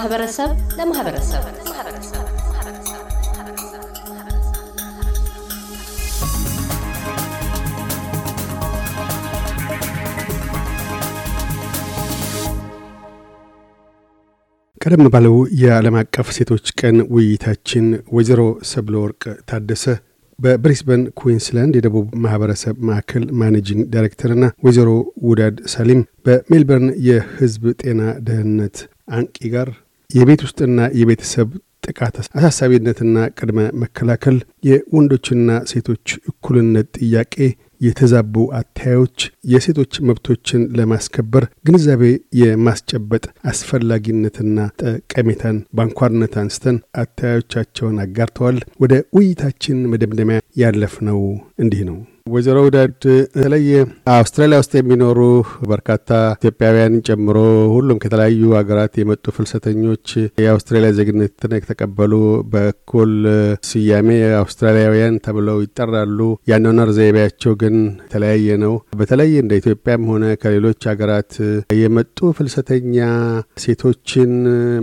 ማህበረሰብ ለማህበረሰብ ቀደም ባለው የዓለም አቀፍ ሴቶች ቀን ውይይታችን ወይዘሮ ሰብለ ወርቅ ታደሰ በብሪስበን ኩዊንስላንድ የደቡብ ማህበረሰብ ማዕከል ማኔጂንግ ዳይሬክተርና ወይዘሮ ውዳድ ሳሊም በሜልበርን የህዝብ ጤና ደህንነት አንቂ ጋር የቤት ውስጥና የቤተሰብ ጥቃት አሳሳቢነትና ቅድመ መከላከል፣ የወንዶችና ሴቶች እኩልነት ጥያቄ፣ የተዛቡ አታዮች፣ የሴቶች መብቶችን ለማስከበር ግንዛቤ የማስጨበጥ አስፈላጊነትና ጠቀሜታን ባንኳርነት አንስተን አታዮቻቸውን አጋርተዋል። ወደ ውይይታችን መደምደሚያ ያለፍነው እንዲህ ነው። ወይዘሮ ውዳድ በተለይ አውስትራሊያ ውስጥ የሚኖሩ በርካታ ኢትዮጵያውያንን ጨምሮ ሁሉም ከተለያዩ ሀገራት የመጡ ፍልሰተኞች የአውስትራሊያ ዜግነትን የተቀበሉ በኩል ስያሜ አውስትራሊያውያን ተብለው ይጠራሉ። የአኗኗር ዘይቤያቸው ግን የተለያየ ነው። በተለይ እንደ ኢትዮጵያም ሆነ ከሌሎች ሀገራት የመጡ ፍልሰተኛ ሴቶችን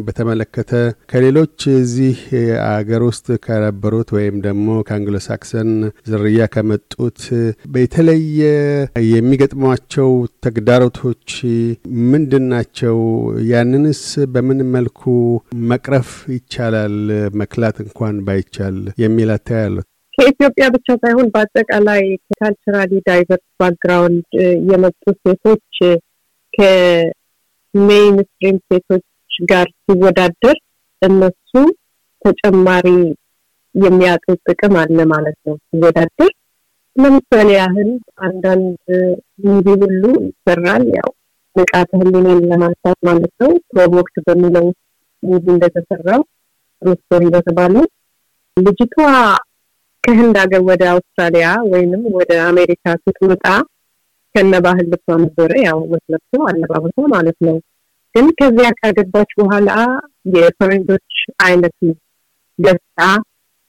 በተመለከተ ከሌሎች እዚህ አገር ውስጥ ከነበሩት ወይም ደግሞ ከአንግሎሳክሰን ዝርያ ከመጡት በተለየ የሚገጥሟቸው ተግዳሮቶች ምንድን ናቸው? ያንንስ በምን መልኩ መቅረፍ ይቻላል? መክላት እንኳን ባይቻል የሚል አተያ ከኢትዮጵያ ብቻ ሳይሆን በአጠቃላይ ከካልቸራሊ ዳይቨርስ ባክግራውንድ የመጡ ሴቶች ከሜይን ስትሪም ሴቶች ጋር ሲወዳደር እነሱ ተጨማሪ የሚያጡ ጥቅም አለ ማለት ነው ሲወዳደር ለምሳሌ ያህል አንዳንድ ሙቪ ሁሉ ይሰራል ያው ንቃተ ህሊናን ለማንሳት ማለት ነው። ፕሮቮክት በሚለው ሙቪ እንደተሰራው ሮስቶሪ በተባለው ልጅቷ ከህንድ ሀገር ወደ አውስትራሊያ ወይንም ወደ አሜሪካ ስትመጣ ከነ ባህል ልብሷ ነበረ ያው መስለብሶ አለባበሷ ማለት ነው። ግን ከዚያ ካገባች በኋላ የፈረንጆች አይነት ለብሳ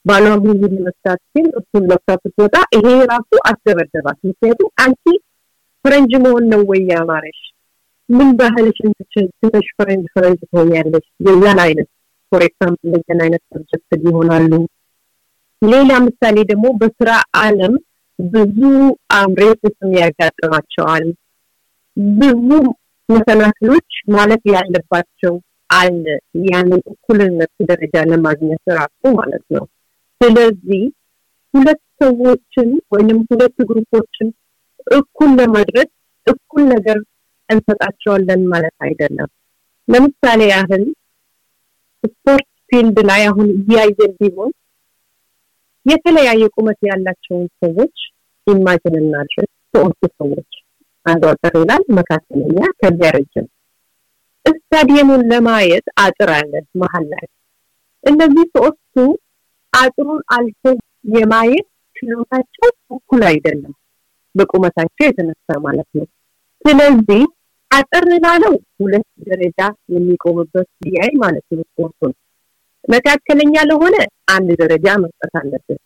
ባሏን ጊዜ ለመፍታት ሲል እሱን መፍታት ስትወጣ ይሄ ራሱ አስደበደባት። ምክንያቱም አንቺ ፈረንጅ መሆን ነው ወይ ያማረሽ? ምን ባህልሽ ትተሽ ፈረንጅ ፈረንጅ ትሆኛለሽ? የዛን አይነት ፎር ኤግዛምፕል እንደዚያን አይነት ሰብጀክት ይሆናሉ። ሌላ ምሳሌ ደግሞ በስራ አለም ብዙ ሬፕስም ያጋጥማቸዋል። ብዙ መሰናክሎች ማለት ያለባቸው አለ። ያንን እኩልነት ደረጃ ለማግኘት ራሱ ማለት ነው። ስለዚህ ሁለት ሰዎችን ወይም ሁለት ግሩፖችን እኩል ለማድረግ እኩል ነገር እንሰጣቸዋለን ማለት አይደለም። ለምሳሌ ያህል ስፖርት ፊልድ ላይ አሁን እያየን ቢሆን የተለያየ ቁመት ያላቸውን ሰዎች ኢማጅን እናድርግ። ሶስት ሰዎች አንዱ አጠር ይላል፣ መካከለኛ፣ ከዚያ ረጅም። ስታዲየሙን ለማየት አጥር አለ መሀል ላይ እነዚህ ሶስቱ አጥሩን አልፎ የማየት ችሎታቸው እኩል አይደለም፣ በቁመታቸው የተነሳ ማለት ነው። ስለዚህ አጥር ላለው ሁለት ደረጃ የሚቆምበት ዲአይ ማለት ነው ስፖርቱን መካከለኛ ለሆነ አንድ ደረጃ መስጠት አለብን።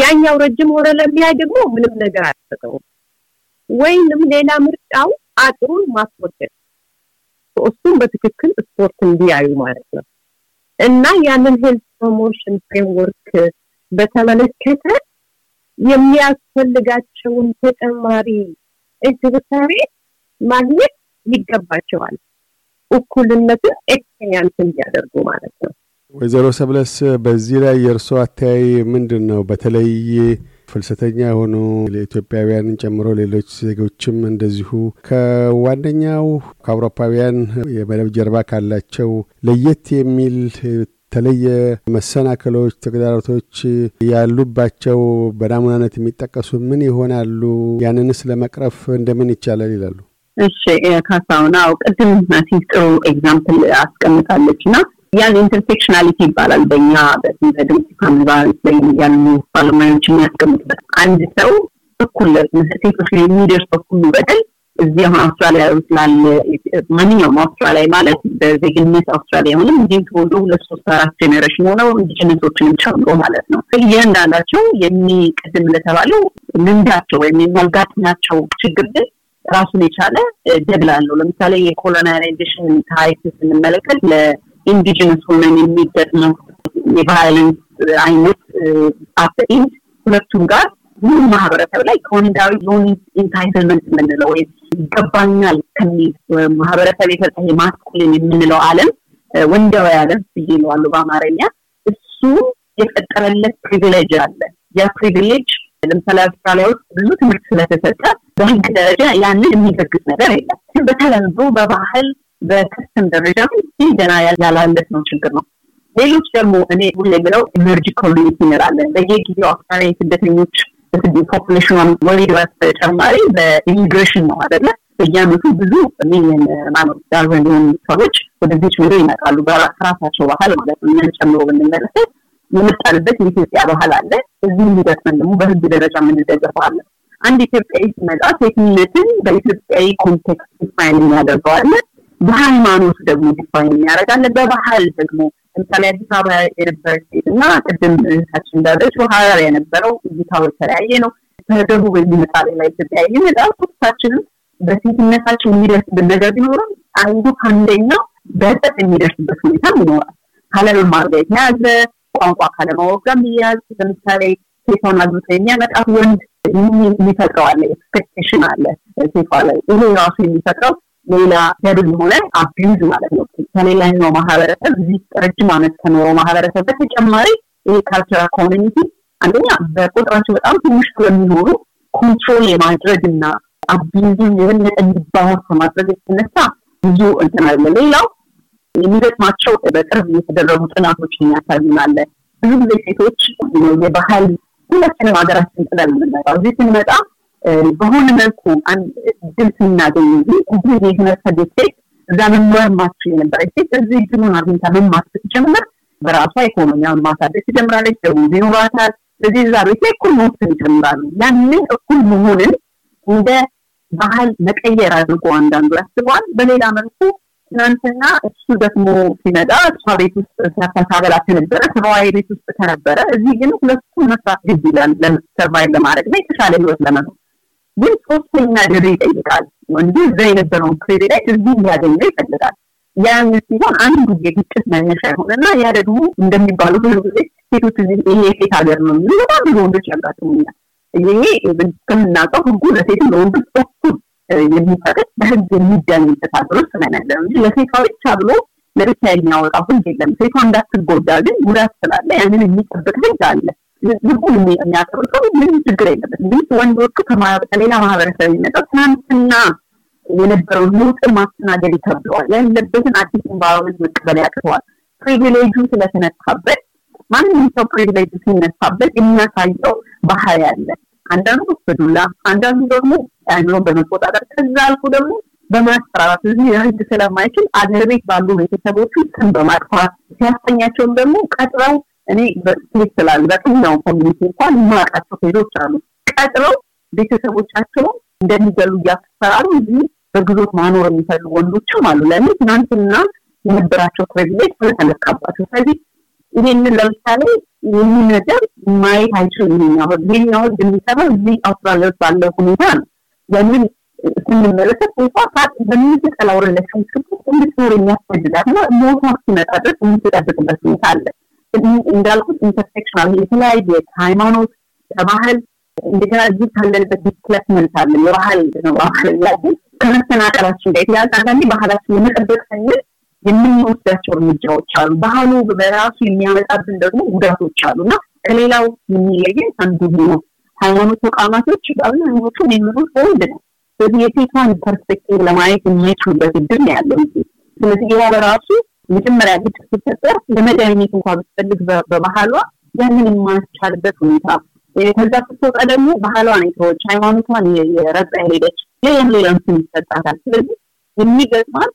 ያኛው ረጅም ሆነ ለሚያይ ደግሞ ምንም ነገር አልሰጠውም። ወይንም ሌላ ምርጫው አጥሩን ማስወገድ፣ እሱም በትክክል ስፖርት እንዲያዩ ማለት ነው እና ያንን ሄልት ፕሮሞሽን ፍሬምወርክ በተመለከተ የሚያስፈልጋቸውን ተጨማሪ እንክብካቤ ማግኘት ይገባቸዋል። እኩልነትን ኤክስፔሪንስ እንዲያደርጉ ማለት ነው። ወይዘሮ ሰብለስ በዚህ ላይ የእርስ አተያይ ምንድን ነው? በተለይ ፍልሰተኛ የሆኑ ለኢትዮጵያውያንን ጨምሮ ሌሎች ዜጎችም እንደዚሁ ከዋነኛው ከአውሮፓውያን የመደብ ጀርባ ካላቸው ለየት የሚል የተለየ መሰናክሎች፣ ተግዳሮቶች ያሉባቸው በናሙናነት የሚጠቀሱ ምን ይሆናሉ? ያንንስ ለመቅረፍ እንደምን ይቻላል ይላሉ። እሺ ካሳሁን፣ አዎ ቅድም ናሲስ ጥሩ ኤግዛምፕል አስቀምጣለች እና ያን ኢንተርሴክሽናሊቲ ይባላል በእኛ በድምፅ ካምባስ ላይ ያሉ ባለሙያዎች የሚያስቀምጥበት አንድ ሰው እኩል ሴቶች ላይ የሚደርሰው ሁሉ በደል እዚህ አውስትራሊያ ስላለ ማንኛውም አውስትራሊያ ማለት በዜግነት አውስትራሊያ ሆንም እዚህም ተወልዶ ሁለት ሶስት አራት ጀኔሬሽን ሆነው እንዲጅነቶችንም ጨምሮ ማለት ነው። እያንዳንዳቸው የሚቀድም ለተባለው ልምዳቸው ወይም የሚያጋጥማቸው ችግር ግን ራሱን የቻለ ደብል አለው። ለምሳሌ የኮሎናላይዜሽን ታሪክ ስንመለከት ለኢንዲጅነስ ሆነን የሚገጥመው የቫይለንስ አይነት አፍተኢንድ ሁለቱም ጋር ሙሉ ማህበረሰብ ላይ ከወንዳዊ ሎን ኢንታይትልመንት የምንለው ወይም ይገባኛል ከሚል ማህበረሰብ የሰጠ ማስኩሊን የምንለው አለም ወንዳዊ አለም ብዬ እለዋለሁ በአማርኛ። እሱ የፈጠረለት ፕሪቪሌጅ አለ። ያ ፕሪቪሌጅ ለምሳሌ አውስትራሊያ ውስጥ ብዙ ትምህርት ስለተሰጠ በህግ ደረጃ ያንን የሚደግፍ ነገር የለም። ግን በተለምዶ በባህል በክስም ደረጃ ግን ገና ነው ችግር ነው። ሌሎች ደግሞ እኔ ሁሌ የምለው ኢመርጂ ኮሚኒቲ እንላለን። በየጊዜው አውስትራሊያ ስደተኞች በስደት ፖፕሌሽኗን ወሊዷት በተጨማሪ በኢሚግሬሽን ነው አደለ በየአመቱ ብዙ ሚሊየን ማኖር ዳርዘን ሊሆኑ ሰዎች ወደዚች ምድር ይመጣሉ። በራሳቸው ባህል ማለት ነው። እኛን ጨምሮ ብንመለከት የምጣልበት የኢትዮጵያ ባህል አለ። እዚህ ሂደት ደግሞ በህግ ደረጃ የምንደገፈው አለ። አንድ ኢትዮጵያዊ ሲመጣ ሴትነትን በኢትዮጵያዊ ኮንቴክስት ዲፋይን የሚያደርገዋለ በሃይማኖት ደግሞ ዲፋይን የሚያደረጋለ በባህል ደግሞ ለምሳሌ አዲስ አበባ የነበረ ሴት እና ቅድም እህታችን እንዳለች ሀረር የነበረው እይታው የተለያየ ነው። ከደቡብ የሚመጣ ሌላ ኢትዮጵያ የሚመጣ ሶስታችንም በሴትነታችን የሚደርስብን ነገር ቢኖርም አንዱ ከአንደኛው በጠጥ የሚደርስበት ሁኔታ ይኖራል። ካለመማር ጋር የተያዘ ቋንቋ ካለማወቅ ጋር የሚያዝ ለምሳሌ ሴቷን አግብቶ የሚያመጣት ወንድ የሚፈጥረው አለ፣ ኤክስፔክቴሽን አለ ሴቷ ላይ ይሄ ራሱ የሚፈጥረው ሌላ ደብል የሆነ አቢዩዝ ማለት ነው። ከሌላኛው ማህበረሰብ እዚህ ረጅም አመት ከኖረው ማህበረሰብ በተጨማሪ ይሄ ካልቸራል ኮሚኒቲ አንደኛ በቁጥራቸው በጣም ትንሽ ስለሚኖሩ ኮንትሮል የማድረግ እና አቢዩዝ የበለጠ እንዲባሆን ከማድረግ የተነሳ ብዙ እንትናለ ሌላው የሚገጥማቸው በቅርብ የተደረጉ ጥናቶች ያሳዩናል። ብዙ ጊዜ ሴቶች የባህል ሁለትንም ሀገራችን ጥለን ምንመጣ እዚህ ስንመጣ በሆነ መልኩ ድል ስናገኝ እንጂ እድል የተነፈደ ሴት እዛ መማር ማትችል የነበረ ሴት እዚህ እድሉን አግኝታ መማር ስትጀምር በራሷ ኢኮኖሚያውን ማሳደግ ትጀምራለች። ደሞዝ ይኖራታል። ስለዚህ እዛ ቤት ላይ እኩል መወሰን ይጀምራሉ። ያንን እኩል መሆንን እንደ ባህል መቀየር አድርጎ አንዳንዱ ያስበዋል። በሌላ መልኩ ትናንትና እሱ ደግሞ ሲመጣ እሷ ቤት ውስጥ ታበላ ከነበረ ሰብአዊ ቤት ውስጥ ከነበረ እዚህ ግን ሁለቱ መስራት ግድ ይላል ሰርቫይቭ ለማድረግ እና የተሻለ ህይወት ለመኖር ግን ሶስተኛ ደሬ ይጠይቃል። ወንዱ እዛ የነበረውን ክሬዲት እዚህ እንዲያገኘ ይፈልጋል። ያን ሲሆን አንዱ የግጭት መነሻ ይሆንና ያ ደግሞ እንደሚባሉ ብዙ ጊዜ ሴቶች ይሄ ሴት ሀገር ነው የሚሉ በጣም ብዙ ወንዶች ያጋጥሙኛል። ይሄ ከምናውቀው ህጉ ለሴትም ለወንዱ በኩል የሚፈቅድ በህግ የሚዳኝበት ሀገር ውስጥ ነን ያለ እንጂ ለሴቷ ብቻ ብሎ ለብቻ የሚያወጣ ህግ የለም። ሴቷ እንዳትጎዳ ግን ጉዳት ስላለ ያንን የሚጠብቅ ህግ አለ። ልቡን የሚያከብር ምንም ችግር የለበት። ግን ወንዶቹ ከሌላ ማህበረሰብ የሚመጣው ትናንትና የነበረውን ማስተናገድ ይከብደዋል። ያለበትን አዲስ ኢንቫይሮመንት መቀበል ያቅተዋል። ፕሪቪሌጁ ስለተነካበት ማንም ሰው ፕሪቪሌጁ ሲነሳበት የሚያሳየው ባህሪ ያለ አንዳንዱ በዱላ አንዳንዱ ደግሞ በመቆጣጠር ከዛ አልፎ ደግሞ በማስፈራራት እዚህ ስለማይችል አገር ቤት ባሉ ቤተሰቦቹ ስም በማጥፋት ሲያስተኛቸውም ደግሞ ቀጥረው እኔ ትክክላል በየትኛውም ኮሚኒቲ እንኳን የማውቃቸው ሄዶች አሉ ቀጥለው ቤተሰቦቻቸው እንደሚገሉ እያሰራሩ እዚ በግዞት ማኖር የሚፈልጉ ወንዶችም አሉ። ለእኔ ትናንትና የነበራቸው ፕሬቪሌጅ ስለተነካባቸው። ስለዚህ ይሄንን ለምሳሌ የሚነገር ማየት አይችልም። ይሄኛው ህግ ይሄኛው ህግ የሚሰራው እዚህ አውስትራሊያ ውስጥ ባለው ሁኔታ ነው። ለምን ስንመለከት እንኳ በምትጠላው ሪሌሽንሽፕ እንድትኖር የሚያስገድዳት ና ሞቷ ሲመጣ ድረስ የምትጠብቅበት ሁኔታ አለ። እንዳልኩት ኢንተርሴክሽናል የተለያየ ሃይማኖት፣ ከባህል እንደገና እዚህ ካለንበት ዲስፕሌስመንት አለ የባህል ነው ከመሰናቀላችን ጋር የተያዘ አንዳንዴ ባህላችን ለመጠበቅ ስንል የምንወስዳቸው እርምጃዎች አሉ። ባህሉ በራሱ የሚያመጣብን ደግሞ ጉዳቶች አሉ እና ከሌላው የሚለየን አንዱ ነው። ሃይማኖት ተቋማቶች በአብዛኞቹ የሚኖሩ በወንድ ነው። ስለዚህ የሴቷን ፐርስፔክቲቭ ለማየት የማይችሉበት እድል ነው ያለው። ስለዚህ ያ በራሱ መጀመሪያ ልጅ ስትፈጠር ለመድኃኒት እንኳ ብትፈልግ በባህሏ ያንን የማስቻልበት ሁኔታ፣ ከዛ ስትወጣ ደግሞ ባህሏ ነው የተወች ሃይማኖቷን የረዛ ሄደች ሌላም ሌላም ስም ይሰጣታል። ስለዚህ የሚገጥማል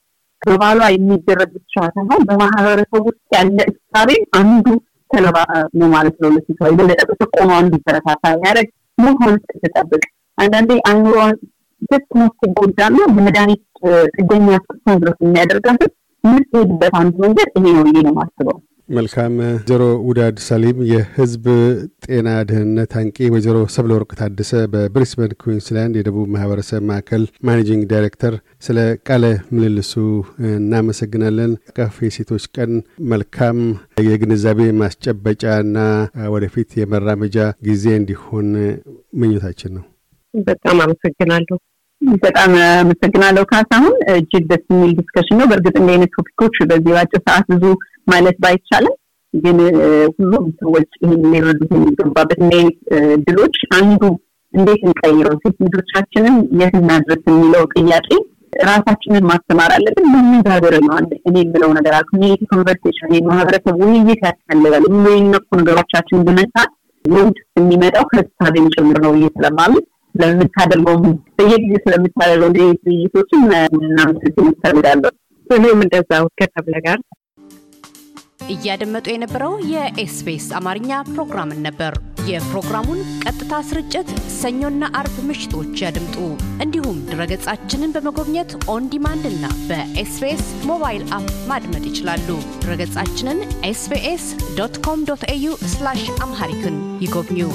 በባሏ የሚደረግ ብቻ ሳይሆን በማህበረሰብ ውስጥ ያለ እሳቤ አንዱ ተለባ ነው ማለት ነው። ለሴቷ የበለጠ አንዱ እንዲበረታታ ያደረግ መሆን ስትጠብቅ አንዳንዴ አይምሯን ስት ጎዳና በመድኃኒት ጥገኛ እስክትሆን ድረስ የሚያደርጋትን የምንሄድበት አንዱ መንገድ ይሄ ነው ብዬ ነው የማስበው። መልካም ወይዘሮ ውዳድ ሰሊም የህዝብ ጤና ደህንነት አንቂ፣ ወይዘሮ ሰብለ ወርቅ ታደሰ በብሪስበን ኩዊንስላንድ የደቡብ ማህበረሰብ ማዕከል ማኔጂንግ ዳይሬክተር፣ ስለ ቃለ ምልልሱ እናመሰግናለን። ቀፍ የሴቶች ቀን መልካም የግንዛቤ ማስጨበጫ ማስጨበጫና ወደፊት የመራመጃ ጊዜ እንዲሆን ምኞታችን ነው። በጣም አመሰግናለሁ። በጣም አመሰግናለሁ ካሳሁን። እጅግ ደስ የሚል ዲስከሽን ነው። በእርግጥ እንደ አይነት ቶፒኮች በዚህ ባጭር ሰዓት ብዙ ማለት ባይቻልም ግን ሁሉም ሰዎች ይህን ሊረዱት የሚገባበት እንደ አይነት ድሎች አንዱ እንዴት እንቀይረው ሴት ልጆቻችንን የት እናድረስ የሚለው ጥያቄ ራሳችንን ማስተማር አለብን። መነጋገር ነው አንድ እኔ የምለው ነገር አለ ኮሚኒቲ ኮንቨርሴሽን የማህበረሰብ ውይይት ያስፈልጋል። የሚነኩ ነገሮቻችን በመንሳት ለውጥ የሚመጣው ከሳቤን ጭምር ነው እየተለማሉት ለምታደርገው በየጊዜ ስለምታደርገው እንደ እናመሰግን ይፈልጋለሁ። እኔም ከተብለ ጋር እያደመጡ የነበረው የኤስቢኤስ አማርኛ ፕሮግራምን ነበር። የፕሮግራሙን ቀጥታ ስርጭት ሰኞና አርብ ምሽቶች ያድምጡ። እንዲሁም ድረገጻችንን በመጎብኘት ኦን ዲማንድ እና በኤስቢኤስ ሞባይል አፕ ማድመጥ ይችላሉ። ድረገጻችንን ኤስቢኤስ ዶት ኮም ዶት ኤዩ አምሃሪክን ይጎብኙ።